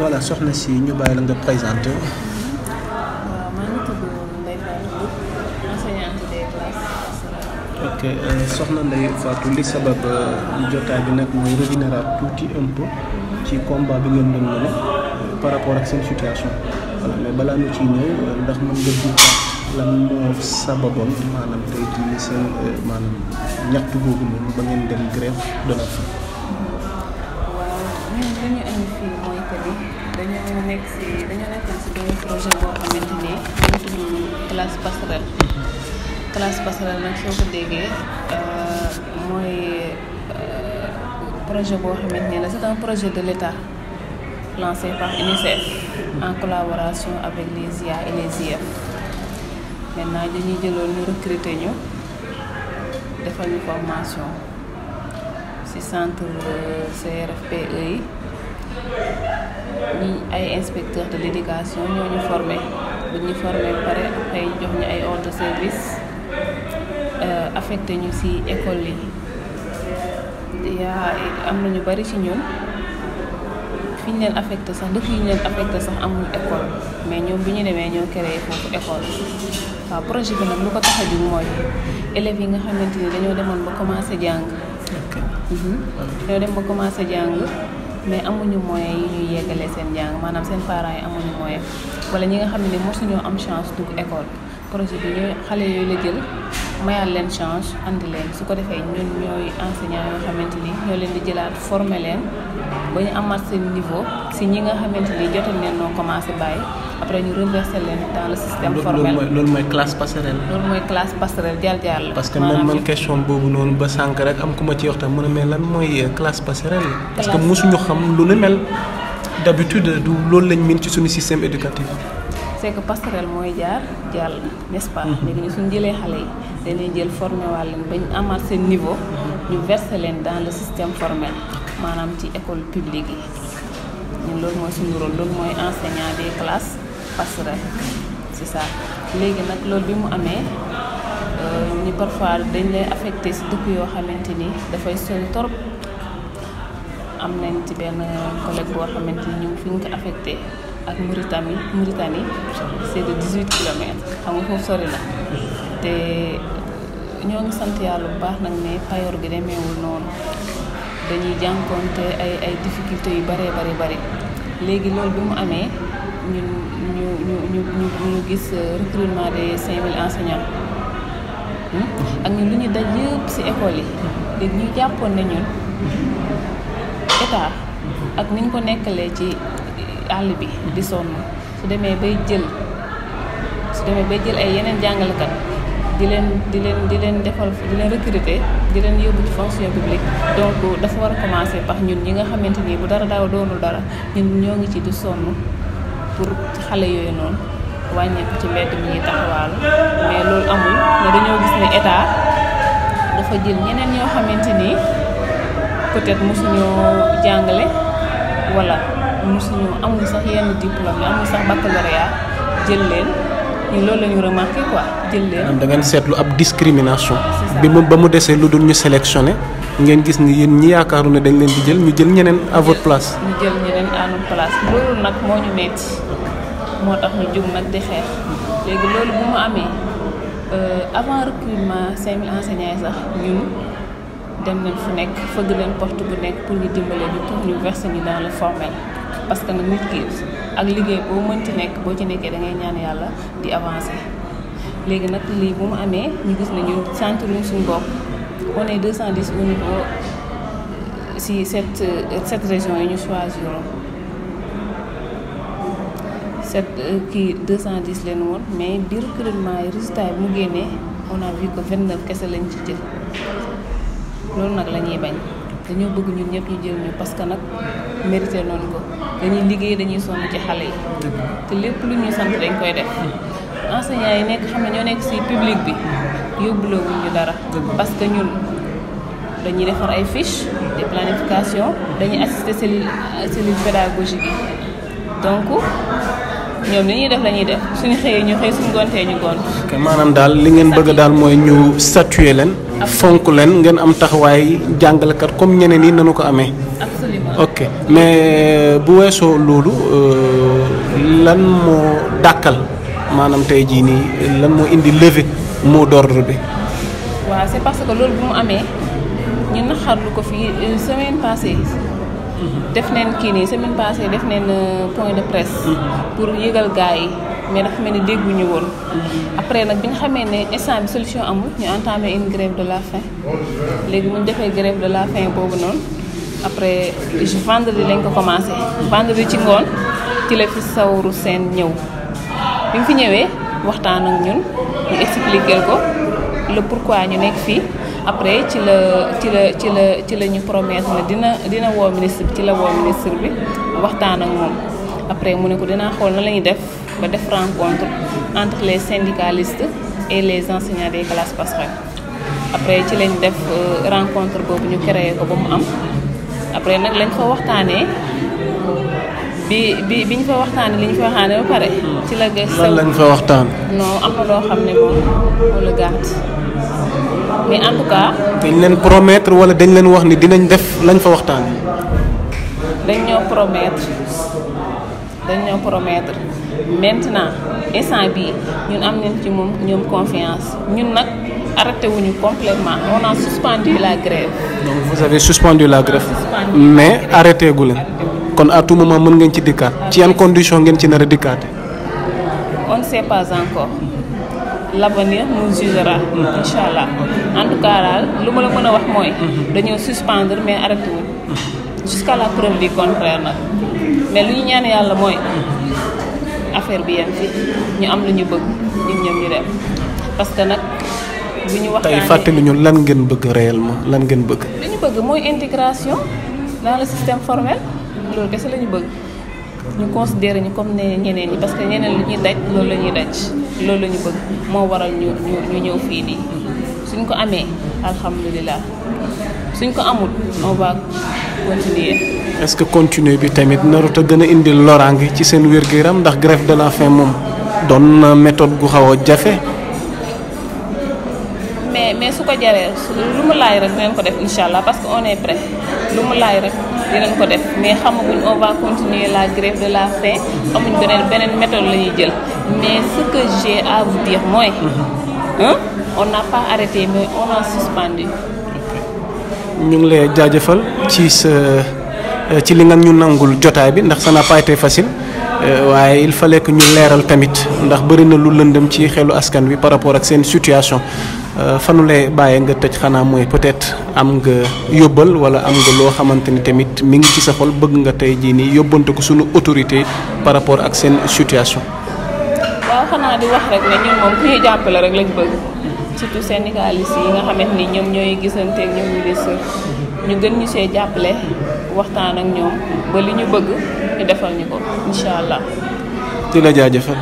voilà soxna si ñu bàyyi la nga présenté. waaw maa ngi euh, soxna Ndeye Fatou li sabab euh, jotaay bi nag mooy revenir tuuti un ci combat bi ngeen doon mën a euh, par rapport ak seen situation voilà mais balaa ñu ciy ñëw ndax mën nga ji lan moo sababoon maanaam tey jii seen maanaam ñaxtu googu noonu ba ngeen dem grève de nekk si dañoo nekkoon si benn projet boo xamante ni dañu tudd classe passerelle. classe passerelle nag soo ko déggee euh, mooy euh, projet boo xamante ni la c'est un projet de l'État lancé par UNICEF en collaboration avec les IA et les maintenant dañuy jëloon ñu recruter ñu defal ñu formation si centre euh, CRFPE yi. ñi ay inspecteur de l'éducation ñoo ñu formé bu ñu formé pare après jox ñu ay ordre de service euh, affecté ñu ci école yi yaa am na ñu bari ci ñoom fi ñu leen affecté sax dëkk yi ñu leen affecté sax amul école mais ñoom bi ñu demee ñoo créé foofu école waaw projet bi nag lu ko tax a jóg mooy yi nga xamante ni dañoo demoon ba commencé jàng. Mhm. dañoo dem ba commencé jàng. mais amuñu moyen yi ñuy yeggale seen njàng maanaam seen parents yi amuñu moyen wala ñi nga xam ne mosuñoo am chance dugg école projet bi yooyu xale yooyu la jël mayaat leen change andi leen su ko defee ñun ñooy enseignant yoo xamante ni ñoo leen di jëlaat former leen ba ñu amaat seen niveau si ñi nga xamante ni jotoon leen noo commencé bàyyi après ñu reversé leen dans système formel loolu mooy classe passerelle loolu mooy classe passerelle jaar jaar la parce que même man question boobu noonu ba sànq rek am ku ma ci wax tam mën a mel lan mooy euh, classe passerelle parce que mosuñu xam lu ne mel d'habitude du loolu lañ miin ci suñu système éducatif c'est que mooy jaar jàll n'est-ce pas mhm. léegi ñu suñ jëlee xale yi dañuy jël formé waat leen ba ñu amaat seen niveau ñu verser leen dans le système formel maanaam ci école publique yi ñun loolu mooy suñu rôle loolu mooy enseignant des classes passerelle c'est ça léegi nag loolu bi mu amee euh, ñu parfois dañ lay affecte si dëkk yoo xamante ni dafay sori torop am nañ ci benn collègue boo xamante ñu fi ñu affecté ak Mauritanie Mauritanie c' est de 18 kilomètres xam nga foofu sori te ñoo ngi sant yàlla bu baax nag ne payoor gi demeewul noonu dañuy jànkoonte ay ay difficultés yu bëree bëri bëri léegi loolu bi mu amee ñu ñu ñu ñu ñu ñu gis euh, recrutement des 5000 enseignants hmm? ak ñun lu ñu daj yëpp si école yi léegi ñu jàppoon ne ñun état ak niñ ko nekkalee ci àll bi di sonn su demee bay jël su demee bay jël ay yeneen jàngalekat di leen di leen di leen defal di leen recruter di leen yóbbu ci fonction publique donc dafa war a commencer par ñun ñi nga xamante ni bu dara daaw doonul dara ñun ñoo ngi ci di sonn pour xale yooyu noonu wàññeeku ci mbedd mi ñuy taxawaalu mais loolu amul ne dañoo gis ne état dafa jël ñeneen ñoo xamante ni peut-être mosuñoo jàngale walla mosuñu amuñu sax yenn diplôme yi amuñu sax baccalauréat jël leen ñun loolu la remarqué quoi jël leen. da seetlu ab discrimination. bi mu ba mu desee lu dul ñu sélectionné ngeen gis ni yéen ñi yaakaaru ne dañ leen di jël ñu jël ñeneen à votre place. ñu loolu nag moo ñu metti moo tax ñu jóg nag di xeex léegi loolu bu mu amee euh, avant recrutement 5000 enseignants sax ñun. dem nañ fu nekk fëgg leen porte bu nekk pour ñu dimbale ñu pour ñu verser ñu dans le parce que nag nit ki ak liggéey boo mënti nekk boo ci nekkee da ngay ñaan yàlla di avancé léegi nag lii bu mu amee ñu gis ne ñu sentir ñu suñu bopp on est 210 au niveau si cette cette région yi ñu choisir cette kii 210 leen woon mais biir recrutement yi résultat yi mu génnee on a ko vingt 29 kese lañ ci jël loolu nag la ñuy bañ. dañoo bëgg ñun ñëpp ñu jël ñu parce que nag mérité noonu ko dañuy liggéey dañuy sonn ci xale yi te lépp lu ñuy sant dañ koy def enseignants yi nekk xam ne ñoo nekk si publique bi yóbbulawuñ ñu dara parce que ñun dañuy defar ay fiche de planification dañuy assister cellule cellule pédagogique yi donc ñoom li ñuy def la def suñu xëyee ñu xëy suñu gontee ñu gont. maanaam daal li ngeen bëgg daal mooy ñu statuer leen. fonk leen ngeen am taxawaay jàngalekat comme ñeneen yi nanu ko amee. ok mais euh, bu weesoo loolu euh, lan moo dàkkal maanaam tey jii nii lan moo indi levée mot d'ordre bi. waaw c'est parce que loolu bu mu amee ñu naxarlu ko fii euh, semaine passée. def neen kii nii semaine passée def neen euh, point de presse pour yëgal gars yi mais dafa mel ni dégguñu woon après nag bi ñu xamee ne instant bi solution amul ñu entamé une grève de la faim léegi bu ñu defee grève de la faim boobu noonu après vendredi lañ ko commencé vendredi ci ngoon ci la fi sawru seen ñëw bi mu fi ñëwee waxtaan ak ñun ñu expliquer ko le pourquoi ñu nekk fii après ci la ci la ci la ci la ñu promettre ne dina dina woo ministre bi ci la woo ministre bi waxtaan ak moom après mu ne ko dinaa xool na la ñuy def ba def rencontre entre les syndicalistes et les enseignants des classes passerelles après ci lañ def euh, rencontre boobu ñu créé ko ba mu am après nag lañ fa waxtaanee bi bi bi ñu fa waxtaan li ñu fa waxtaanee ba pare. ci la gëstu lan lañ fa waxtaan. non am loo xam ne moom moo la gàtt. mais en tout cas. dañ leen promettre wala dañ leen wax ni dinañ def lañ fa waxtaan. dañ ñoo promettre dañ ñoo promettre maintenant instant bi ñun am nañ ci moom confiance ñun nag arrêté wuñu complètement on suspendu la grève. mais arrêté leen. kon à tout moment mën ngeen ci dikkaat. ci yan condition ngeen ci nar a dikkaate. l'avenir nous jugera incha allah en daal lu ma la mën a wax mooy dañoo suspendre mais arrêté wuñ la preuve du contraire nag mais lu ñu ñaan yàlla mooy affaire bi yem fi ñu am lu bëgg ñun ñoom ñu dem parce que nag bu ñu waxtaanee lan ngeen bëgg réellement lan ngeen bëgg li ñu bëgg mooy intégration dans système formel loolu kese la bëgg ñu considéré ñu comme ne ñeneen ñi parce que ñeneen lu ñuy daj loolu la daj loolu la bëgg moo waral ñu ñu ñëw fii nii suñ ko amee alhamdulilah suñ ko amul on va continuer. est-ce que continuer bi tamit narut a gën a indil loraange ci seen wér-gu-yaram ndax grève de la faim moom doon na méthode gu xaw a jafe. mais mais su ko jaree lu mu laaj rek dinañ ko def incha allah parce que on lu mu laaj rek. dinañ mais xamaguñ on continuer la grève de la faim xamuñ beneen beneen méthode jël mais ce que j'ai à vous dire mooy mm-hmm. on n'a pas arrêté mais on a suspendu ñu ngi lay jaajëfal ci sa euh, ci li nga ñu nangul jotaay bi ndax ça n'a pas facile euh, waaye il fa lekk ñu leeral tamit ndax bëri na lu lëndëm ci xelu askan wi par rapport ak seen situation Euh, fanu lay bàyyee nga tëj xanaa mooy peut-être am nga yóbbal wala am nga loo xamante ni tamit mi ngi ci sa xol bëgg nga tey jii nii yóbbante ko sunu autorité par rapport ak seen situation. waaw xanaa di wax rek ne ñun moom ku jàppale rek lañ bëgg surtout syndicalistes yi nga xamante ni ñoom ñooy gisante ak ñoom ministre ñu gën ñu see jàppale waxtaan ak ñoom ba li ñu bëgg ñu defal ñu ko incha allah. di la jaajëfal.